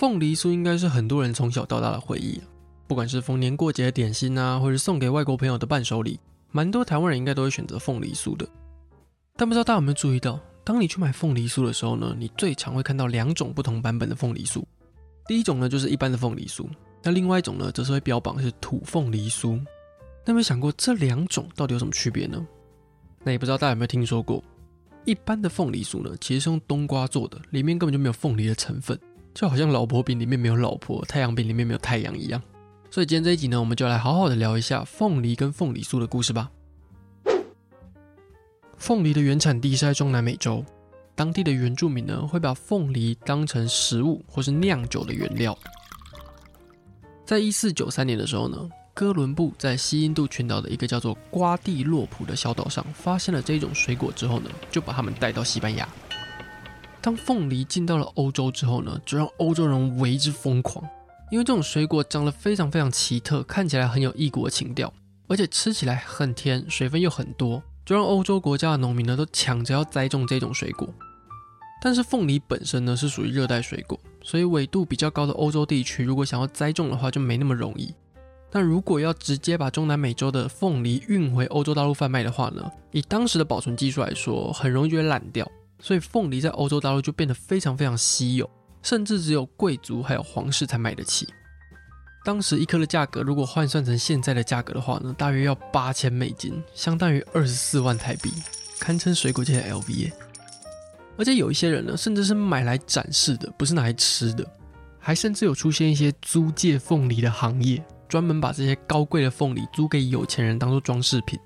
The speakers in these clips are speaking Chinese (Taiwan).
鳳梨酥應該是很多人從小到大的回憶啊，不管是逢年過節的點心啊，或是送給外國朋友的伴手禮，蠻多台灣人應該都會選擇鳳梨酥的。但不知道大家有沒有注意到，當你去買鳳梨酥的時候呢，你最常會看到兩種不同版本的鳳梨酥。第一種呢，就是一般的鳳梨酥，那另外一種呢，則是會標榜是土鳳梨酥。那有沒有想過這兩種到底有什麼區別呢？那也不知道大家有沒有聽說過，一般的鳳梨酥呢，其實是用冬瓜做的，裡面根本就沒有鳳梨的成分。就好像老婆餅裡面沒有老婆，太陽餅裡面沒有太陽一樣。所以今天這一集呢，我們就來好好的聊一下鳳梨跟鳳梨酥的故事吧。鳳梨的原產地是在中南美洲，當地的原住民呢會把鳳梨當成食物或是釀酒的原料。在一四九三年的時候呢，哥倫布在西印度群島的一個叫做瓜地洛普的小島上發現了這種水果之後呢，就把它們帶到西班牙。當鳳梨進到了歐洲之後呢，就讓歐洲人為之瘋狂，因為這種水果長得非常非常奇特，看起來很有異國的情調，而且吃起來很甜，水分又很多，就讓歐洲國家的農民呢都搶着要栽種這種水果。但是鳳梨本身呢是屬於熱帶水果，所以緯度比較高的歐洲地區如果想要栽種的話，就沒那麼容易。但如果要直接把中南美洲的鳳梨運回歐洲大陸販賣的話呢，以當時的保存技術來說，很容易就會爛掉。所以鳳梨在歐洲大陸就變得非常非常稀有，甚至只有貴族還有皇室才買得起。當時一顆的價格如果換算成現在的價格的話呢，大約要八千美金，相當於二十四萬台幣，堪稱水果界的 LVA。而且有一些人呢，甚至是買來展示的，不是拿來吃的，還甚至有出現一些租借鳳梨的行業，專門把這些高貴的鳳梨租給有錢人當做裝飾品。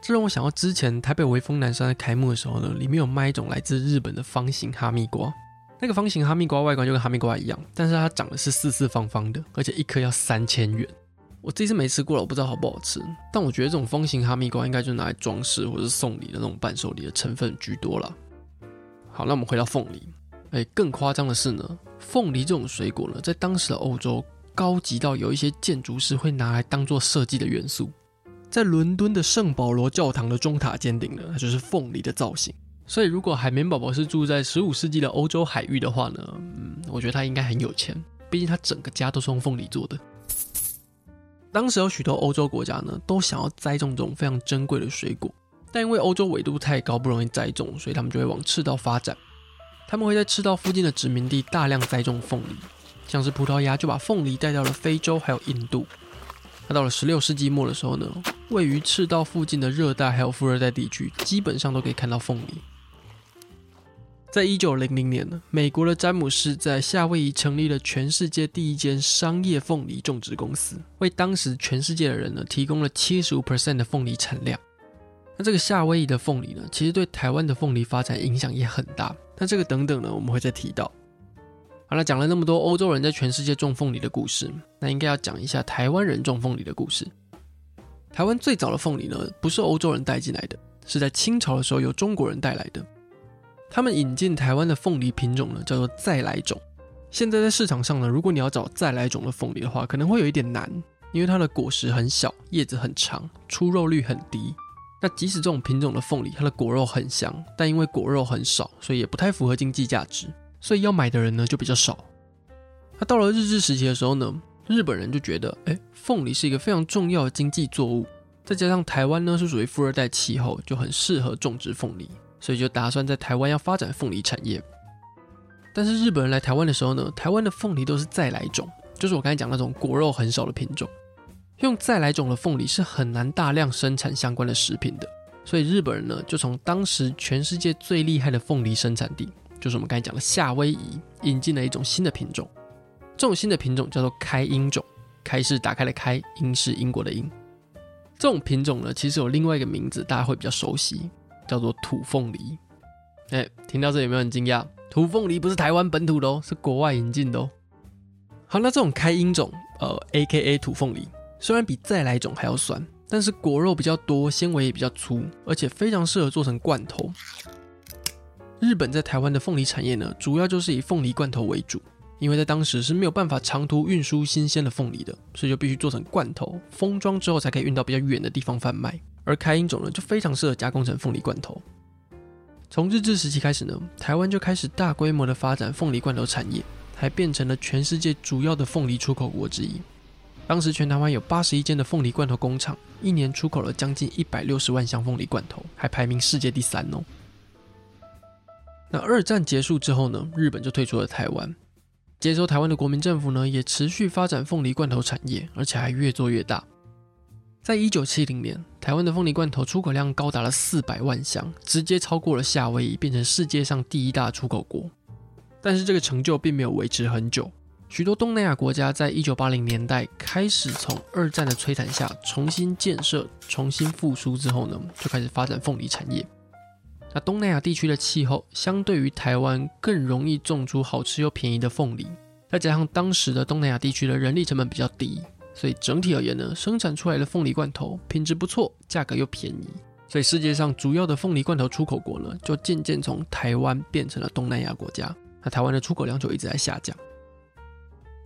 這讓我想到之前台北微風南山在開幕的時候呢，裡面有賣一種來自日本的方形哈密瓜，那個方形哈密瓜外觀就跟哈密瓜一樣，但是它長的是四四方方的，而且一顆要三千元。我這次沒吃過了，我不知道好不好吃。但我覺得這種方形哈密瓜應該就拿來裝飾或者是送禮的那種伴手禮的成分居多了。好，那我們回到鳳梨。欸，更誇張的是呢，鳳梨這種水果呢，在當時的歐洲高級到有一些建築師會拿來當做設計的元素。在倫敦的聖保羅教堂的鐘塔尖頂呢，它就是鳳梨的造型。所以，如果海綿寶寶是住在十五世紀的歐洲海域的話呢，嗯，我覺得他應該很有錢，畢竟他整個家都是用鳳梨做的。當時有許多歐洲國家呢，都想要栽種這種非常珍貴的水果，但因為歐洲緯度太高，不容易栽種，所以他們就會往赤道發展。他們會在赤道附近的殖民地大量栽種鳳梨，像是葡萄牙就把鳳梨帶到了非洲還有印度。到了十六世紀末的時候呢，位於赤道附近的熱帶還有副熱帶地區，基本上都可以看到鳳梨。在一九零零年呢，美國的詹姆斯在夏威夷成立了全世界第一間商業鳳梨種植公司，為當時全世界的人呢，提供了七十五 percent 的鳳梨產量。那這個夏威夷的鳳梨呢，其實對台灣的鳳梨發展影響也很大。那這個等等呢，我們會再提到。好了，講了那麼多歐洲人在全世界種鳳梨的故事，那應該要講一下台灣人種鳳梨的故事。台灣最早的鳳梨呢，不是歐洲人帶進來的，是在清朝的時候由中國人帶來的。他們引進台灣的鳳梨品種呢，叫做再來種。現在在市場上呢，如果你要找再來種的鳳梨的話，可能會有一點難，因為它的果實很小，葉子很長，出肉率很低。那即使這種品種的鳳梨，它的果肉很香，但因為果肉很少，所以也不太符合經濟價值。所以要買的人呢，就比較少。那到了日治時期的時候呢，日本人就覺得，欸，鳳梨是一個非常重要的經濟作物。再加上台灣呢是屬於富二代氣候，就很適合種植鳳梨，所以就打算在台灣要發展鳳梨產業。但是日本人來台灣的時候呢，台灣的鳳梨都是再來種，就是我剛才講那種果肉很少的品種。用再來種的鳳梨是很難大量生產相關的食品的。所以日本人呢，就從當時全世界最厲害的鳳梨生產地。就是我們剛才講的夏威夷引進了一種新的品種，這種新的品種叫做開英種，開是打開了開，英是英國的英。這種品種呢，其實有另外一個名字，大家會比較熟悉，叫做土鳳梨。誒、欸、聽到這有沒有很驚訝？土鳳梨不是台灣本土的哦，是國外引進的哦。好，那這種開英種，呃，A K A 土鳳梨，雖然比再來種還要酸，但是果肉比較多，纖維也比較粗，而且非常適合做成罐頭。日本在台灣的鳳梨產業呢，主要就是以鳳梨罐頭為主，因為在當時是沒有辦法長途運輸新鮮的鳳梨的，所以就必須做成罐頭，封裝之後才可以運到比較遠的地方販賣。而開英種呢，就非常適合加工成鳳梨罐頭。從日治時期開始呢，台灣就開始大規模的發展鳳梨罐頭產業，還變成了全世界主要的鳳梨出口國之一。當時全台灣有八十一間的鳳梨罐頭工廠，一年出口了將近一百六十萬箱鳳梨罐頭，還排名世界第三喔。那二戰結束之後呢，日本就退出了台灣。接收台灣的國民政府呢，也持續發展鳳梨罐頭產業，而且還越做越大。在一九七零年，台灣的鳳梨罐頭出口量高達了四百萬箱，直接超過了夏威夷，變成世界上第一大出口國。但是這個成就並沒有維持很久，許多東南亞國家在一九八零年代開始從二戰的摧殘下重新建設、重新復甦之後呢，就開始發展鳳梨產業。那東南亞地區的氣候相對於台灣更容易種出好吃又便宜的鳳梨，再加上當時的東南亞地區的人力成本比較低，所以整體而言呢，生產出來的鳳梨罐頭品質不錯，價格又便宜，所以世界上主要的鳳梨罐頭出口國呢，就漸漸從台灣變成了東南亞國家。那台灣的出口量就一直在下降。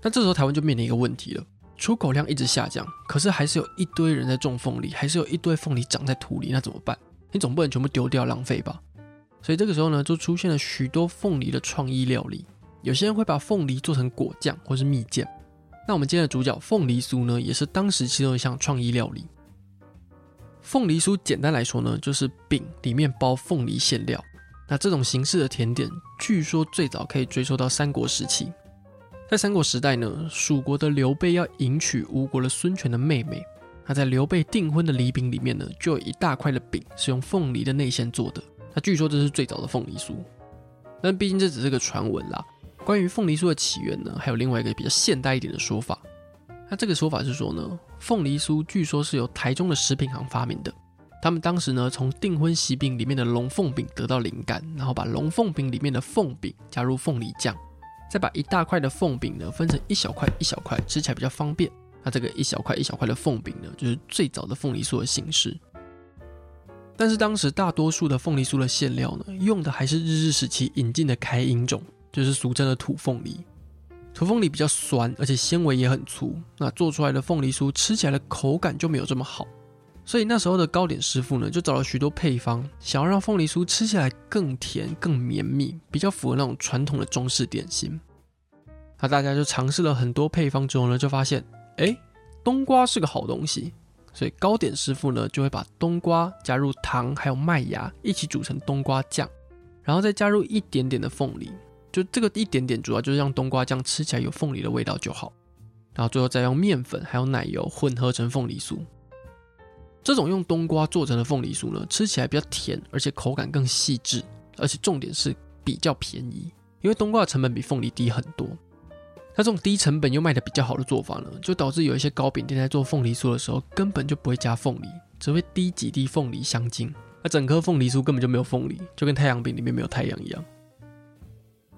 那這時候台灣就面臨一個問題了，出口量一直下降，可是還是有一堆人在種鳳梨，還是有一堆鳳梨長在土裡，那怎麼辦？你總不能全部丟掉浪費吧？所以這個時候呢，就出現了許多鳳梨的創意料理。有些人會把鳳梨做成果醬或是蜜餞。那我們今天的主角鳳梨酥呢，也是當時其中一項創意料理。鳳梨酥簡單來說呢，就是餅裡面包鳳梨餡料。那這種形式的甜點，據說最早可以追溯到三國時期。在三國時代呢，蜀國的劉備要迎娶吳國的孫權的妹妹。他在劉備訂婚的禮餅裡面呢，就有一大塊的餅是用鳳梨的內餡做的。他據說這是最早的鳳梨酥，但畢竟這只是個傳聞啦。關於鳳梨酥的起源呢，還有另外一個比較現代一點的說法。那這個說法是說呢，鳳梨酥據說是由台中的食品行發明的。他們當時呢，從訂婚喜餅裡面的龍鳳餅得到靈感，然後把龍鳳餅裡面的鳳餅加入鳳梨醬，再把一大塊的鳳餅呢分成一小塊一小塊，吃起來比較方便。它、啊、這個一小塊一小塊的鳳餅呢，就是最早的鳳梨酥的形式。但是當時大多數的鳳梨酥的餡料呢，用的還是日治時期引進的開英種，就是俗稱的土鳳梨。土鳳梨比較酸，而且纖維也很粗，那做出來的鳳梨酥吃起來的口感就沒有這麼好。所以那時候的糕點師傅呢，就找了許多配方，想要讓鳳梨酥吃起來更甜、更綿密，比較符合那種傳統的中式點心。那、啊、大家就嘗試了很多配方之後呢，就發現。誒，冬瓜是個好東西，所以糕點師傅呢，就會把冬瓜加入糖還有麥芽一起煮成冬瓜醬，然後再加入一點點的鳳梨，就這個一點點主要就是讓冬瓜醬吃起來有鳳梨的味道就好。然後最後再用麵粉還有奶油混合成鳳梨酥。這種用冬瓜做成的鳳梨酥呢，吃起來比較甜，而且口感更細緻，而且重點是比較便宜，因為冬瓜的成本比鳳梨低很多。那這種低成本又賣得比較好的做法呢，就導致有一些糕餅店在做鳳梨酥的時候，根本就不會加鳳梨，只會滴幾滴鳳梨香精，那整顆鳳梨酥根本就沒有鳳梨，就跟太陽餅裡面沒有太陽一樣。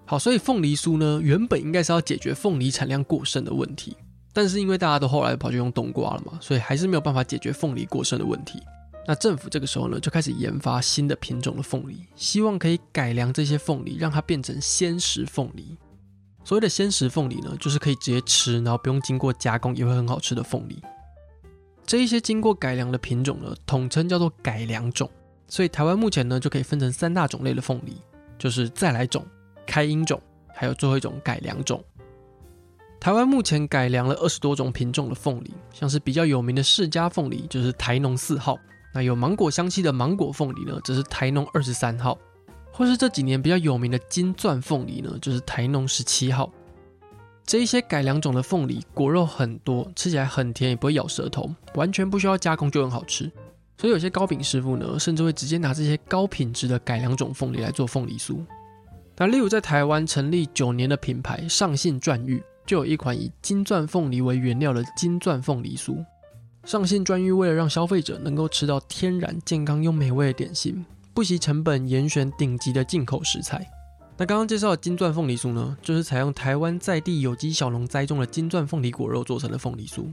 好，所以鳳梨酥呢，原本應該是要解決鳳梨產量過剩的問題，但是因為大家都後來跑去用冬瓜了嘛，所以還是沒有辦法解決鳳梨過剩的問題。那政府這個時候呢，就開始研發新的品種的鳳梨，希望可以改良這些鳳梨，讓它變成鮮食鳳梨。所謂的鮮食鳳梨呢，就是可以直接吃，然後不用經過加工也會很好吃的鳳梨。這一些經過改良的品種呢，統稱叫做改良種。所以台灣目前呢，就可以分成三大種類的鳳梨，就是再來種、開英種，還有最後一種改良種。台灣目前改良了二十多種品種的鳳梨，像是比較有名的釋迦鳳梨，就是台農四號；那有芒果香氣的芒果鳳梨呢，這是台農二十三號。或是這幾年比較有名的金鑽鳳梨呢，就是台農十七號。這一些改良種的鳳梨果肉很多，吃起來很甜，也不會咬舌頭，完全不需要加工就很好吃。所以有些糕餅師傅呢，甚至會直接拿這些高品質的改良種鳳梨來做鳳梨酥。那例如在台灣成立九年的品牌上信饌玉，就有一款以金鑽鳳梨為原料的金鑽鳳梨酥。上信饌玉為了讓消費者能夠吃到天然、健康又美味的點心。不惜成本嚴選頂級的進口食材。那剛剛介紹的金鑽鳳梨酥呢，就是採用台灣在地有機小農栽種的金鑽鳳梨果肉做成的鳳梨酥。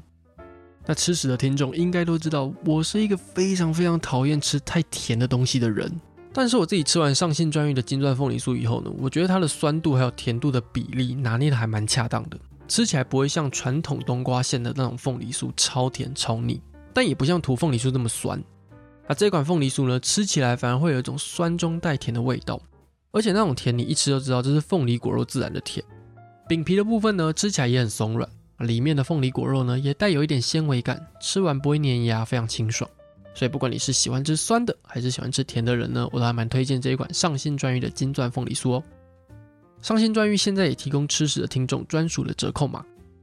那吃食的聽眾應該都知道，我是一個非常非常討厭吃太甜的東西的人。但是我自己吃完上新專營的金鑽鳳梨酥以後呢，我覺得它的酸度還有甜度的比例拿捏的還蠻恰當的，吃起來不會像傳統冬瓜餡的那種鳳梨酥超甜超膩，但也不像土鳳梨酥那麼酸。啊，這款鳳梨酥呢，吃起來反而會有一種酸中帶甜的味道，而且那種甜你一吃就知道，這是鳳梨果肉自然的甜。餅皮的部分呢，吃起來也很鬆軟，啊，裡面的鳳梨果肉呢，也帶有一點纖維感，吃完不會粘牙，非常清爽。所以不管你是喜歡吃酸的還是喜歡吃甜的人呢，我都還蠻推薦這一款上信饌玉的金鑽鳳梨酥哦。上信饌玉現在也提供吃史的聽眾專屬的折扣碼，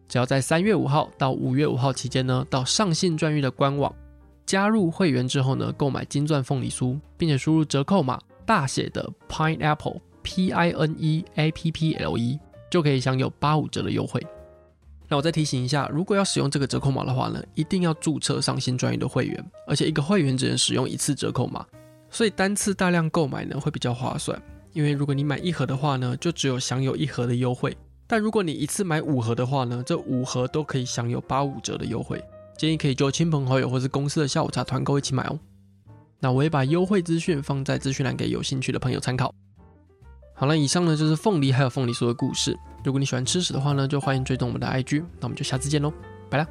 只要在三月五號到五月五號期間呢，到上信饌玉的官網。加入會員之後呢，購買金鑽鳳梨酥，並且輸入折扣碼大寫的 Pineapple P I N E A P P L E，就可以享有八五折的優惠。那我再提醒一下，如果要使用這個折扣碼的話呢，一定要註冊上信饌玉的會員，而且一個會員只能使用一次折扣碼。所以單次大量購買呢，會比較划算，因為如果你買一盒的話呢，就只有享有一盒的優惠，但如果你一次買五盒的話呢，這五盒都可以享有八五折的優惠。建議可以叫親朋好友或是公司的下午茶團購一起買哦。那我也把優惠資訊放在資訊欄給有興趣的朋友參考。好了，以上呢就是鳳梨還有鳳梨酥的故事。如果你喜歡吃屎的話呢，就歡迎追蹤我們的 IG。那我們就下次見嘍，拜啦。